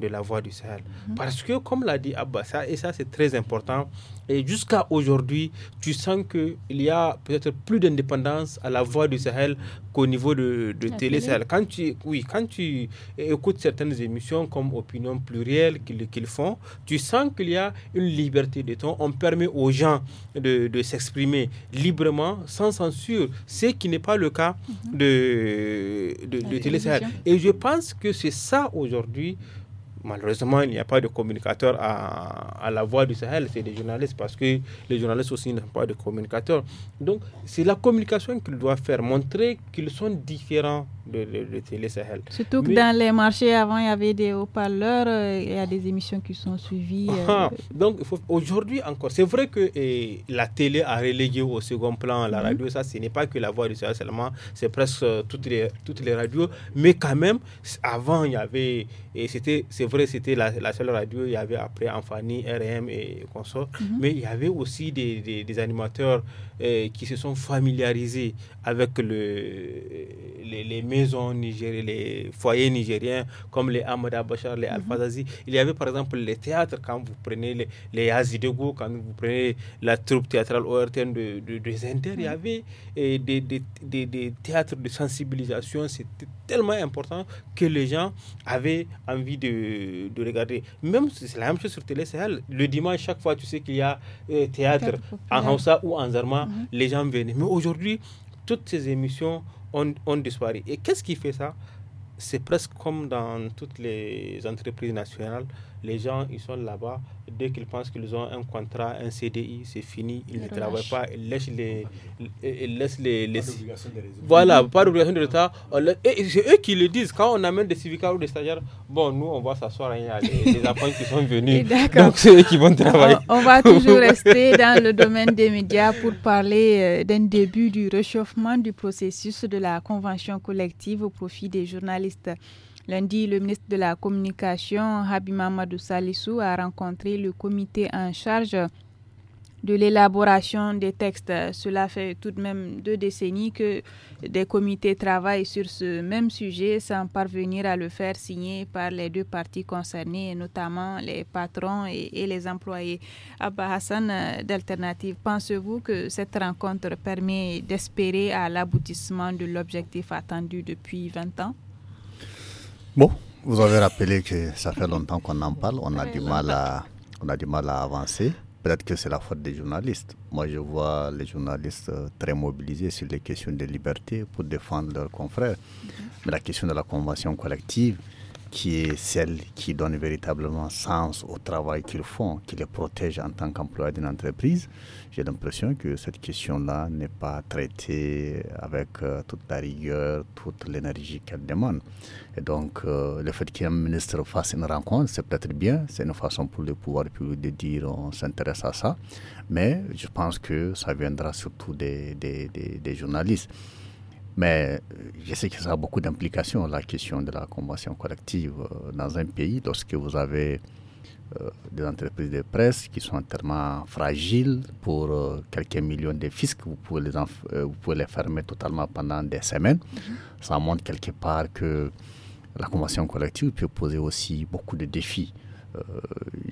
[SPEAKER 2] de la voix du Sahel. Mhm. Parce que, comme l'a dit Abbas, et ça c'est très important, et jusqu'à aujourd'hui, tu sens qu'il y a peut-être plus d'indépendance à la voix du Sahel qu'au niveau de, de télé Sahel. Quand tu, oui, quand tu écoutes certaines émissions comme Opinion Plurielle qu'ils font, tu sens qu'il y a une liberté de ton. On permet aux gens de, de s'exprimer librement, sans censure, ce qui n'est pas le cas mhm. de, de, de télé Sahel. Et je pense que c'est ça aujourd'hui Malheureusement, il n'y a pas de communicateur à, à la voix du Sahel, c'est des journalistes, parce que les journalistes aussi n'ont pas de communicateur. Donc, c'est la communication qu'ils doivent faire, montrer qu'ils sont différents de, la Télé Sahel. Surtout que dans les
[SPEAKER 3] marchés, avant, il y avait des haut-parleurs, euh, il y a des émissions qui sont suivies. Euh. Ah,
[SPEAKER 2] donc, aujourd'hui encore, c'est vrai que eh, la télé a relégué au second plan la mhm. radio, ça, ce n'est pas que la voix du Sahel seulement, c'est presque euh, toutes les, toutes les radios. Mais quand même, avant, il y avait, et c'était, c'est vrai, c'était la, seule radio, il y avait après Anfani, RM et consorts, mhm. mais il y avait aussi des, animateurs euh, qui se sont familiarisés avec le, les, maisons nigériennes, les foyers nigériens, comme les Amada Bachar, les mm Il y avait par exemple les théâtres, quand vous prenez les, les quand vous prenez la troupe théâtrale ORTN de, de, Zender, il y mhm. avait euh, des théâtres de sensibilisation. C'était tellement important que les gens avaient envie de de, regarder. Même si c'est la même chose sur Télé elle Le dimanche, chaque fois, tu sais qu'il y a euh, théâtre en Hausa ou en Zarma, mhm. les gens venaient, Mais aujourd'hui, toutes ces émissions ont, ont disparu. Et qu'est-ce qui fait ça C'est presque comme dans toutes les entreprises nationales. Les gens, ils sont là-bas. Dès qu'ils pensent qu'ils ont un contrat, un CDI, c'est fini. Ils ne travaillent pas. Ils laissent les. Ils les, voilà, pas d'obligation de retard. Et c'est eux qui le disent. Quand on amène des civicards ou des stagiaires, bon, nous, on va s'asseoir. Il y a qui sont venus. Donc, c'est eux qui vont travailler. on va toujours
[SPEAKER 3] [laughs] rester dans le domaine des médias pour parler euh, d'un début du réchauffement du processus de la convention collective au profit des journalistes. Lundi, le ministre de la Communication, Habib Mamadou Salissou, a rencontré le comité en charge de l'élaboration des textes. Cela fait tout de même deux décennies que des comités travaillent sur ce même sujet sans parvenir à le faire signer par les deux parties concernées, notamment les patrons et, les employés. Abba Hassan d'Alternative, pensez-vous que cette rencontre permet d'espérer à l'aboutissement de l'objectif attendu depuis 20 ans?
[SPEAKER 5] Bon, vous avez rappelé que ça fait longtemps qu'on en parle, on a, du mal à, on a du mal à avancer. Peut-être que c'est la faute des journalistes. Moi, je vois les journalistes euh, très mobilisés sur les questions de liberté pour défendre leurs confrères. Mm-hmm. Mais la question de la convention collective, qui est celle qui donne véritablement sens au travail qu'ils font, qui les protège en tant qu'employés d'une entreprise, j'ai l'impression que cette question-là n'est pas traitée avec euh, toute la rigueur, toute l'énergie qu'elle demande. Et donc, euh, le fait qu'un ministre fasse une rencontre, c'est peut-être bien, c'est une façon pour le pouvoir public de dire on s'intéresse à ça, mais je pense que ça viendra surtout des, des, des journalistes. Mais euh, je sais que ça a beaucoup d'implications, la question de la convention collective euh, dans un pays, lorsque vous avez euh, des entreprises de presse qui sont tellement fragiles pour quelques millions de fiscs, vous pouvez, les vous pouvez les fermer totalement pendant des semaines. Mm-hmm. Ça montre quelque part que la convention collective peut poser aussi beaucoup de défis.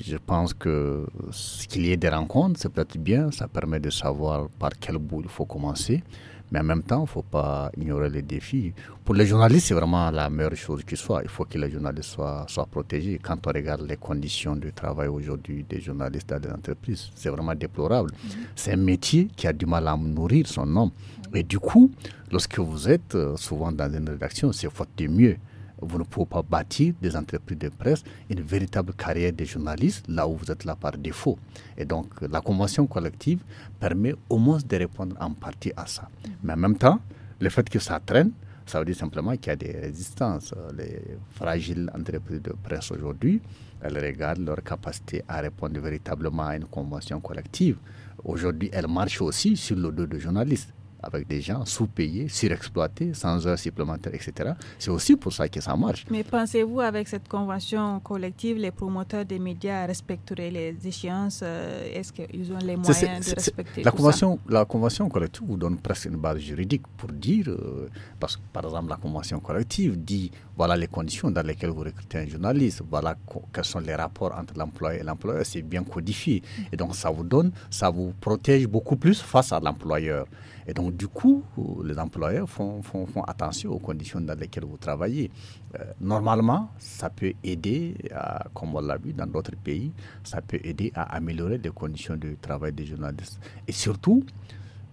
[SPEAKER 5] je pense que ce qu'il y ait des rencontres, c'est peut-être bien, ça permet de savoir par quel bout il faut commencer. Mais en même temps, il ne faut pas ignorer les défis. Pour les journalistes, c'est vraiment la meilleure chose qui soit. Il faut que les journalistes soient, protégés. Quand on regarde les conditions de travail aujourd'hui des journalistes dans les entreprises, c'est vraiment déplorable. Mm-hmm. C'est un métier qui a du mal à nourrir son nom Et du coup, lorsque vous êtes euh, souvent dans une rédaction, c'est faute de mieux. Vous ne pouvez pas bâtir des entreprises de presse, une véritable carrière de journaliste là où vous êtes là par défaut. Et donc, la convention collective permet au moins de répondre en partie à ça. Mm-hmm. Mais en même temps, le fait que ça traîne, ça veut dire simplement qu'il y a des résistances. Les fragiles entreprises de presse aujourd'hui, elles regardent leur capacité à répondre véritablement à une convention collective. Aujourd'hui, elles marchent aussi sur le dos de journalistes avec des gens sous-payés, surexploités, sans heures supplémentaires, etc. C'est aussi pour ça que ça marche.
[SPEAKER 3] Mais pensez-vous, avec cette convention collective, les promoteurs des médias respecteraient les échéances euh, Est-ce qu'ils ont les moyens de respecter la convention,
[SPEAKER 5] La convention collective vous donne presque une base juridique pour dire, euh, parce que par exemple, la convention collective dit voilà les conditions dans lesquelles vous recrutez un journaliste, voilà quels sont les rapports entre l'employé et l'employeur, c'est bien codifié. Et donc, ça vous donne, ça vous protège beaucoup plus face à l'employeur. Et donc, du coup, les employeurs font, font, font attention aux conditions dans lesquelles vous travaillez. Euh, normalement, ça peut aider, à, comme on l'a vu dans d'autres pays, ça peut aider à améliorer les conditions de travail des journalistes. Et surtout,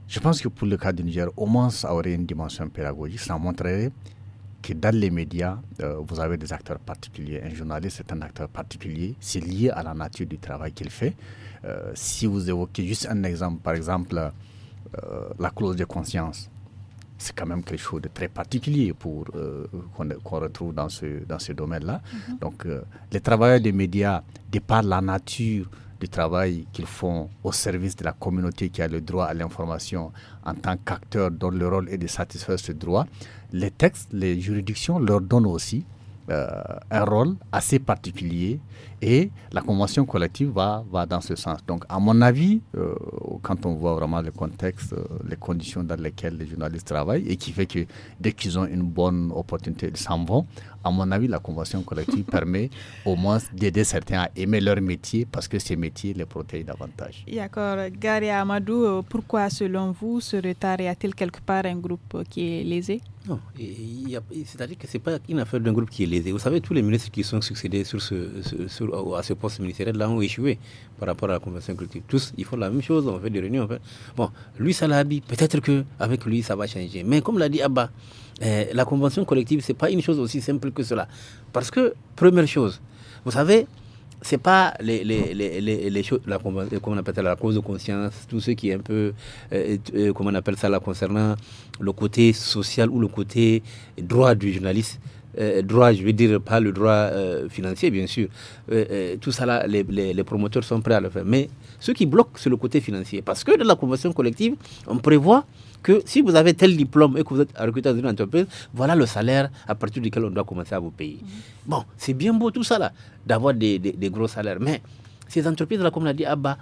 [SPEAKER 5] je pense que pour le cas du Niger, au moins, ça aurait une dimension pédagogique. Ça montrerait que dans les médias, euh, vous avez des acteurs particuliers. Un journaliste est un acteur particulier. C'est lié à la nature du travail qu'il fait. Euh, si vous évoquez juste un exemple, par exemple, euh, la clause de conscience. C'est quand même quelque chose de très particulier pour euh, qu'on retrouve dans ce, dans ce domaine-là. Mhm. Donc, euh, les travailleurs des médias, de par la nature du travail qu'ils font au service de la communauté qui a le droit à l'information en tant qu'acteur dont le rôle est de satisfaire ce droit, les textes, les juridictions leur donnent aussi euh, un rôle assez particulier et la convention collective va, va dans ce sens. Donc, à mon avis, euh, quand on voit vraiment le contexte, euh, les conditions dans lesquelles les journalistes travaillent et qui fait que dès qu'ils ont une bonne opportunité, ils s'en vont, à mon avis, la convention collective [laughs] permet au moins d'aider certains à aimer leur métier parce que ces métiers les protègent davantage.
[SPEAKER 3] D'accord. Gary Amadou, euh, pourquoi, selon vous, ce retard y a-t-il quelque part un groupe euh, qui est lésé
[SPEAKER 5] Non, c'est-à-dire que ce
[SPEAKER 1] n'est pas une affaire d'un groupe qui est lésé. Vous savez, tous les ministres qui sont succédés sur ce, sur, à ce poste ministériel là ont échoué par rapport à la convention collective. Tous, ils font la même chose, on fait des réunions. en fait... Bon, lui, habillé. peut-être qu'avec lui, ça va changer. Mais comme l'a dit Abba, la convention collective, ce n'est pas une chose aussi simple que cela. Parce que, première chose, vous savez, ce n'est pas les, choses, la, comment appelle la cause de conscience, tout ce qui est un peu, euh, euh, comment on appelle ça, concernant le côté social ou le côté droit du journaliste. Euh, droit, je veux dire, pas le droit euh, financier, bien sûr. Euh, tout ça, là, les, promoteurs sont prêts à le faire. Mais ce qui bloque, c'est le côté financier. Parce que dans la convention collective, on prévoit que si vous avez tel diplôme et que vous êtes recruté dans une entreprise, voilà le salaire à partir duquel on doit commencer à vous payer. Mhm. Bon, c'est bien beau tout ça, là, d'avoir des, des, gros salaires. Mais ces entreprises, là, comme a dit Abba,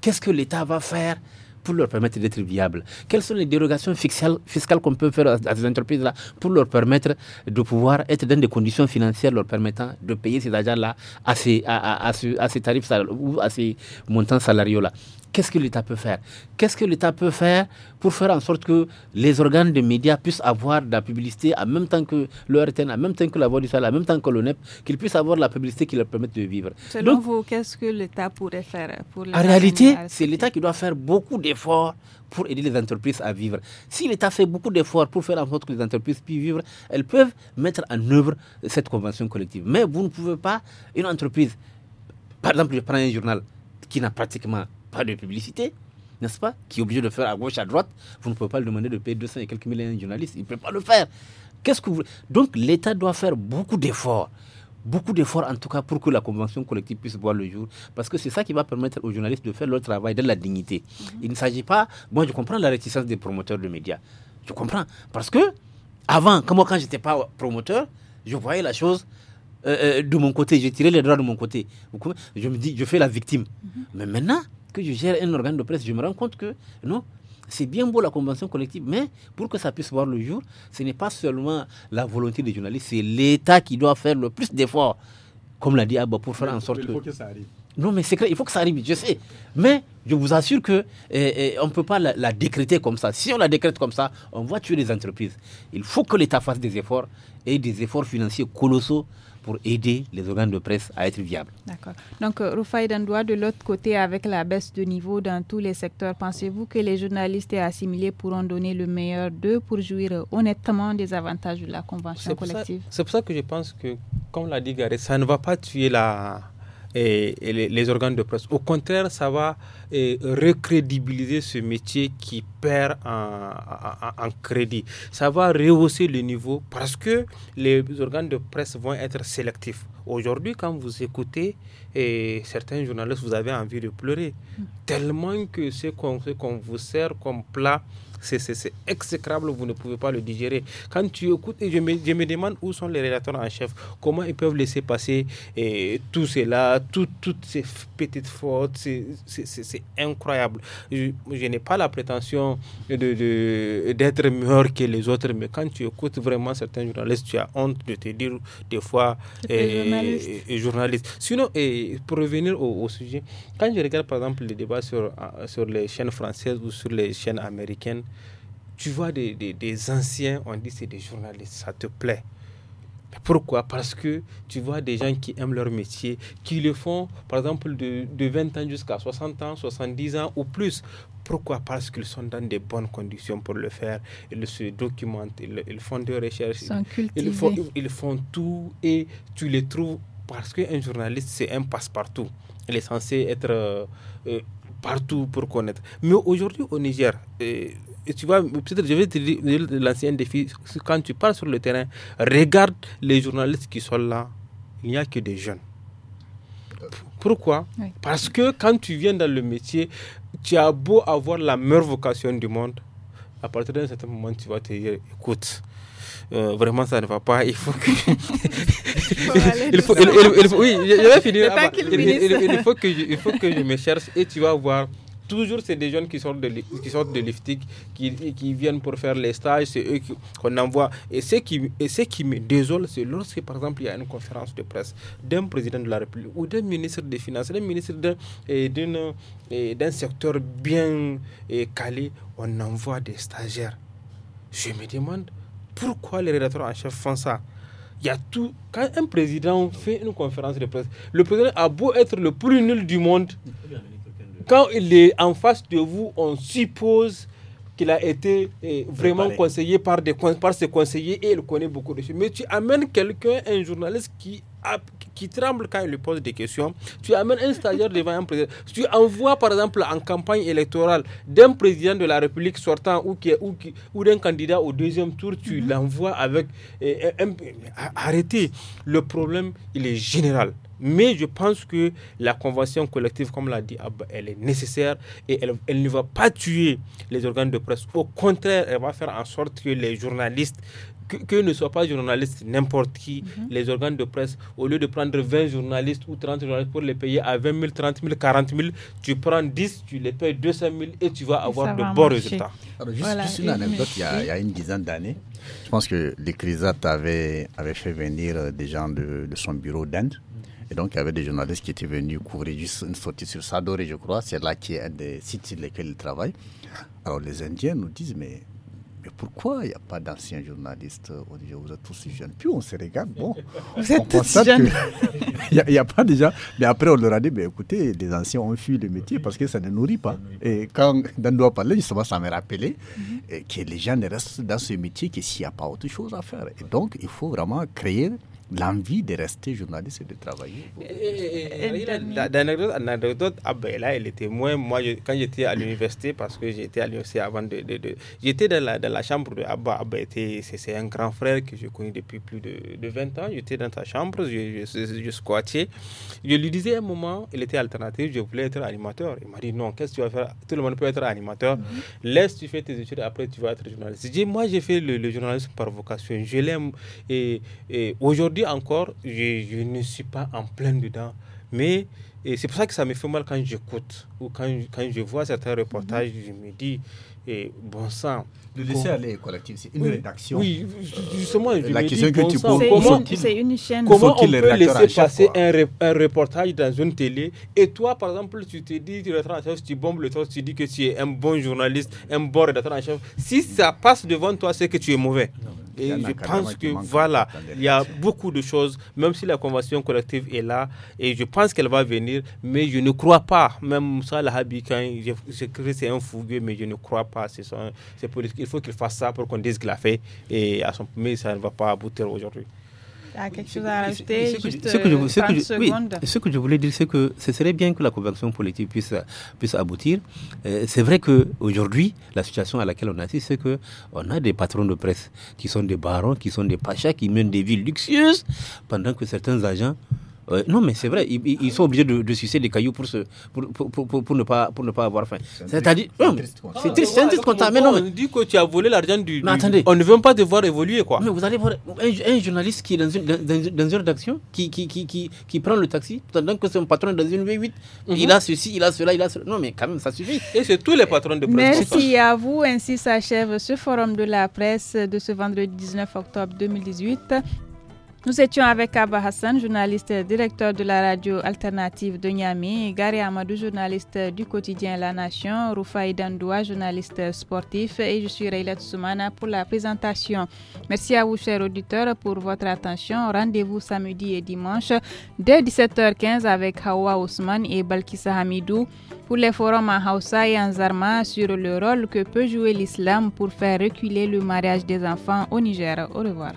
[SPEAKER 1] qu'est-ce que l'État va faire pour leur permettre d'être viables Quelles sont les dérogations fiscales, qu'on peut faire à, ces entreprises-là pour leur permettre de pouvoir être dans des conditions financières leur permettant de payer ces agents-là à à ces tarifs ou à ces montants salariaux-là Qu'est-ce que l'État peut faire Qu'est-ce que l'État peut faire pour faire en sorte que les organes de médias puissent avoir de la publicité en même temps que le en même temps que la Voix du Sahel, en même temps que l'ONEP, qu'ils puissent avoir la publicité qui leur permette de vivre Selon Donc,
[SPEAKER 3] vous, qu'est-ce que l'État pourrait faire pour En réalité, c'est
[SPEAKER 1] l'État qui doit faire beaucoup d'efforts pour aider les entreprises à vivre. Si l'État fait beaucoup d'efforts pour faire en sorte que les entreprises puissent vivre, elles peuvent mettre en œuvre cette convention collective. Mais vous ne pouvez pas, une entreprise, par exemple, je prends un journal qui n'a pratiquement de publicité, n'est-ce pas Qui est obligé de faire à gauche, à droite. Vous ne pouvez pas le demander de payer 200 et quelques millions de journalistes. Il ne peut pas le faire. Qu'est-ce que vous... Donc l'État doit faire beaucoup d'efforts. Beaucoup d'efforts, en tout cas, pour que la convention collective puisse voir le jour. Parce que c'est ça qui va permettre aux journalistes de faire leur travail de la dignité. Mm-hmm. Il ne s'agit pas. Moi, je comprends la réticence des promoteurs de médias. Je comprends. Parce que, avant, comme moi, quand j'étais pas promoteur, je voyais la chose euh, euh, de mon côté. J'ai tiré les droits de mon côté. Je me dis, je fais la victime. Mm-hmm. Mais maintenant, que je gère un organe de presse, je me rends compte que non, c'est bien beau la convention collective, mais pour que ça puisse voir le jour, ce n'est pas seulement la volonté des journalistes, c'est l'État qui doit faire le plus d'efforts, comme l'a dit Abba, pour faire en sorte il faut que... ça arrive. Non, mais c'est vrai, il faut que ça arrive, je sais. Mais je vous assure qu'on eh, eh, ne peut pas la, la, décréter comme ça. Si on la décrète comme ça, on va tuer les entreprises. Il faut que l'État fasse des efforts et des efforts financiers colossaux pour aider les organes de presse à être viables.
[SPEAKER 3] D'accord. Donc, euh, Rufai Dandoua, de l'autre côté, avec la baisse de niveau dans tous les secteurs, pensez-vous que les journalistes et assimilés pourront donner le meilleur d'eux pour jouir euh, honnêtement des avantages de la convention collective
[SPEAKER 2] C'est pour ça que je pense que, comme l'a dit Gareth, ça ne va pas tuer la, et, les, organes de presse. Au contraire, ça va euh, recrédibiliser ce métier qui perd en, crédit. Ça va rehausser le niveau parce que les organes de presse vont être sélectifs. Aujourd'hui, quand vous écoutez euh, certains journalistes, vous avez envie de pleurer, mm. tellement que ce qu'on vous sert comme plat c'est exécrable, vous ne pouvez pas le digérer. Quand tu écoutes, et je me, je me demande où sont les rédacteurs en chef, comment ils peuvent laisser passer et tout cela, toutes ces petites fautes, c'est incroyable. Je, n'ai pas la prétention d'être de, meilleur que les autres, mais quand tu écoutes vraiment certains journalistes, tu as honte de te dire des fois journaliste. Sinon, pour revenir au, sujet, quand je regarde par exemple les débats sur, sur les chaînes françaises ou sur les chaînes américaines, tu vois des, des, anciens, on dit c'est des journalistes, ça te plaît. Pourquoi Parce que tu vois des gens qui aiment leur métier, qui le font par exemple de, de 20 ans jusqu'à 60 ans, 70 ans ou plus. Pourquoi Parce qu'ils sont dans des bonnes conditions pour le faire. Ils se documentent, ils, font des recherches, ils, font, ils font tout et tu les trouves parce qu'un journaliste, c'est un passe-partout. Il est censé être euh, euh, partout pour connaître. Mais aujourd'hui au Niger, euh, tu vois, peut-être je vais te lancer l'ancien défi. Quand tu pars sur le terrain, regarde les journalistes qui sont là. Il n'y a que des jeunes. Pourquoi Parce que quand tu viens dans le métier, tu as beau avoir la meilleure vocation du monde. À partir d'un certain moment, tu vas te dire, écoute, euh, vraiment ça ne va pas, il faut que... [laughs]
[SPEAKER 3] il faut, il, faut... oui, je vais finir. Il, faut que il faut que je
[SPEAKER 2] me cherche et tu vas voir toujours c'est des jeunes qui sortent de qui sortent de l'IFTIC, qui, viennent pour faire les stages, c'est eux qu'on envoie. Et ce qui et ce qui me désole, c'est lorsque par exemple il y a une conférence de presse d'un président de la République ou d'un ministre des Finances, d'un ministre d'un secteur bien calé, on envoie des stagiaires. Je me demande pourquoi les rédacteurs en chef font ça. Il y a tout. Quand un président fait une conférence de presse, le président a beau être le plus nul du monde quand il est en face de vous, on suppose qu'il a été eh, vraiment conseillé par, des, par ses conseillers et il connaît beaucoup de choses. Mais tu amènes quelqu'un, un journaliste qui, qui tremble quand il lui pose des questions, tu amènes un stagiaire devant un président. Tu envoies par exemple en campagne électorale d'un président de la République sortant ou, ou, d'un candidat au deuxième tour, tu mm-hmm. l'envoies avec... Eh, arrêtez, le problème, il est général. Mais je pense que la convention collective, comme l'a dit Abba, elle est nécessaire et elle, ne va pas tuer les organes de presse. Au contraire, elle va faire en sorte que les journalistes, que, ne soient pas journalistes n'importe qui, mhm. les organes de presse, au lieu de prendre 20 journalistes ou 30 journalistes pour les payer à 20 000, 30 000, 40 000, tu prends 10, tu les payes 200 000 et tu vas avoir de bons résultats. Alors ah, juste, voilà. juste, une anecdote, il y, a,
[SPEAKER 5] une dizaine d'années, je pense que les CRISAT avaient, fait venir euh, des gens de son bureau d'Inde et donc, il y avait des journalistes qui étaient venus couvrir juste une sortie sur Sadoré, je crois. C'est là qui est un des sites sur lesquels ils travaillent. Alors, les Indiens nous disent, mais, mais pourquoi il n'y a pas d'anciens journalistes Vous êtes tous si jeunes. Puis on se regarde, bon. [laughs] Vous êtes si jeunes. [laughs] Il n'y a, a, pas déjà. Mais après, on leur a dit, mais écoutez, les anciens ont fui le métier parce que ça ne nourrit pas. Et quand doit parler justement, ça m'a rappelé mm-hmm. que les gens ne restent dans ce métier que s'il n'y a pas autre chose à faire. Et donc, il faut vraiment créer l'envie de rester journaliste et de travailler. D'anecdote anecdote,
[SPEAKER 2] elle était Moi, quand j'étais à l'université, parce que j'étais à l'université avant de. j'étais dans la, chambre de Abba. Abba était, c'est un grand frère que je connais depuis plus de, 20 ans. J'étais dans sa chambre, je, je, je, squattais. Je lui disais à un moment, il était alternatif, je voulais être animateur. Il m'a dit non, qu'est-ce que tu vas faire Tout le monde peut être animateur. Mm-hmm. Laisse, tu fais tes études, après tu vas être journaliste. J'ai moi, j'ai fait le, journalisme par vocation. Je l'aime. et aujourd'hui, encore, je, ne suis pas en plein dedans. Mais c'est pour ça que ça me fait mal quand j'écoute ou quand, quand je vois certains reportages, je me dis, et bon sang. De laisser aller collectif, c'est une rédaction. Oui, justement, la question que tu poses, comment, une chaîne. comment on peut laisser passer un, reportage dans une télé et toi, par exemple, tu te dis, tu le tu bombes le tu dis que tu es un bon journaliste, un bon rédacteur en chef. Si ça passe devant toi, c'est que tu es mauvais. Et je pense que voilà, il y a beaucoup de choses, même si la convention collective est là, et je pense qu'elle va venir, mais je ne crois pas, même ça, Lahabi, quand je que c'est un fougueux, mais je ne crois pas, c'est Il faut qu'il fasse ça pour qu'on dise que la fait, et à son, mais ça ne va pas aboutir aujourd'hui.
[SPEAKER 3] Ah, quelque chose à ce, que je,
[SPEAKER 1] ce que je voulais dire, c'est que ce serait bien que la conversion politique puisse, puisse aboutir. Euh, c'est vrai qu'aujourd'hui, la situation à laquelle on assiste, c'est qu'on a des patrons de presse qui sont des barons, qui sont des pachas, qui mènent des villes luxueuses, pendant que certains agents non, mais c'est vrai, ils, sont obligés de, sucer des cailloux pour, se, pour, pour, pour, ne, pas, pour ne pas avoir faim. C'est-à-dire. triste, c'est non, mais... On dit que tu as volé l'argent du. attendez. On ne veut pas te voir évoluer, quoi. Mais vous allez voir un, journaliste qui est dans une, dans, une rédaction, qui qui, qui, qui, qui, prend le taxi, pendant que son patron est dans une V8. Mhm. Il a ceci, il a cela, il a cela. Non, mais quand même, ça suffit. Et c'est tous les patrons de presse. Merci
[SPEAKER 3] à vous. Ainsi s'achève ce forum de la presse de ce vendredi 19 octobre 2018. Nous étions avec Abba Hassan, journaliste directeur de la radio alternative de Niamey, Gary Amadou, journaliste du quotidien La Nation, Rufai Dandoua, journaliste sportif, et je suis Raylette Soumana pour la présentation. Merci à vous, chers auditeurs, pour votre attention. Rendez-vous samedi et dimanche dès 17h15 avec Hawa Ousmane et Balkissa Hamidou pour les forums à Hausa et en Zarma sur le rôle que peut jouer l'islam pour faire reculer le mariage des enfants au Niger. Au revoir.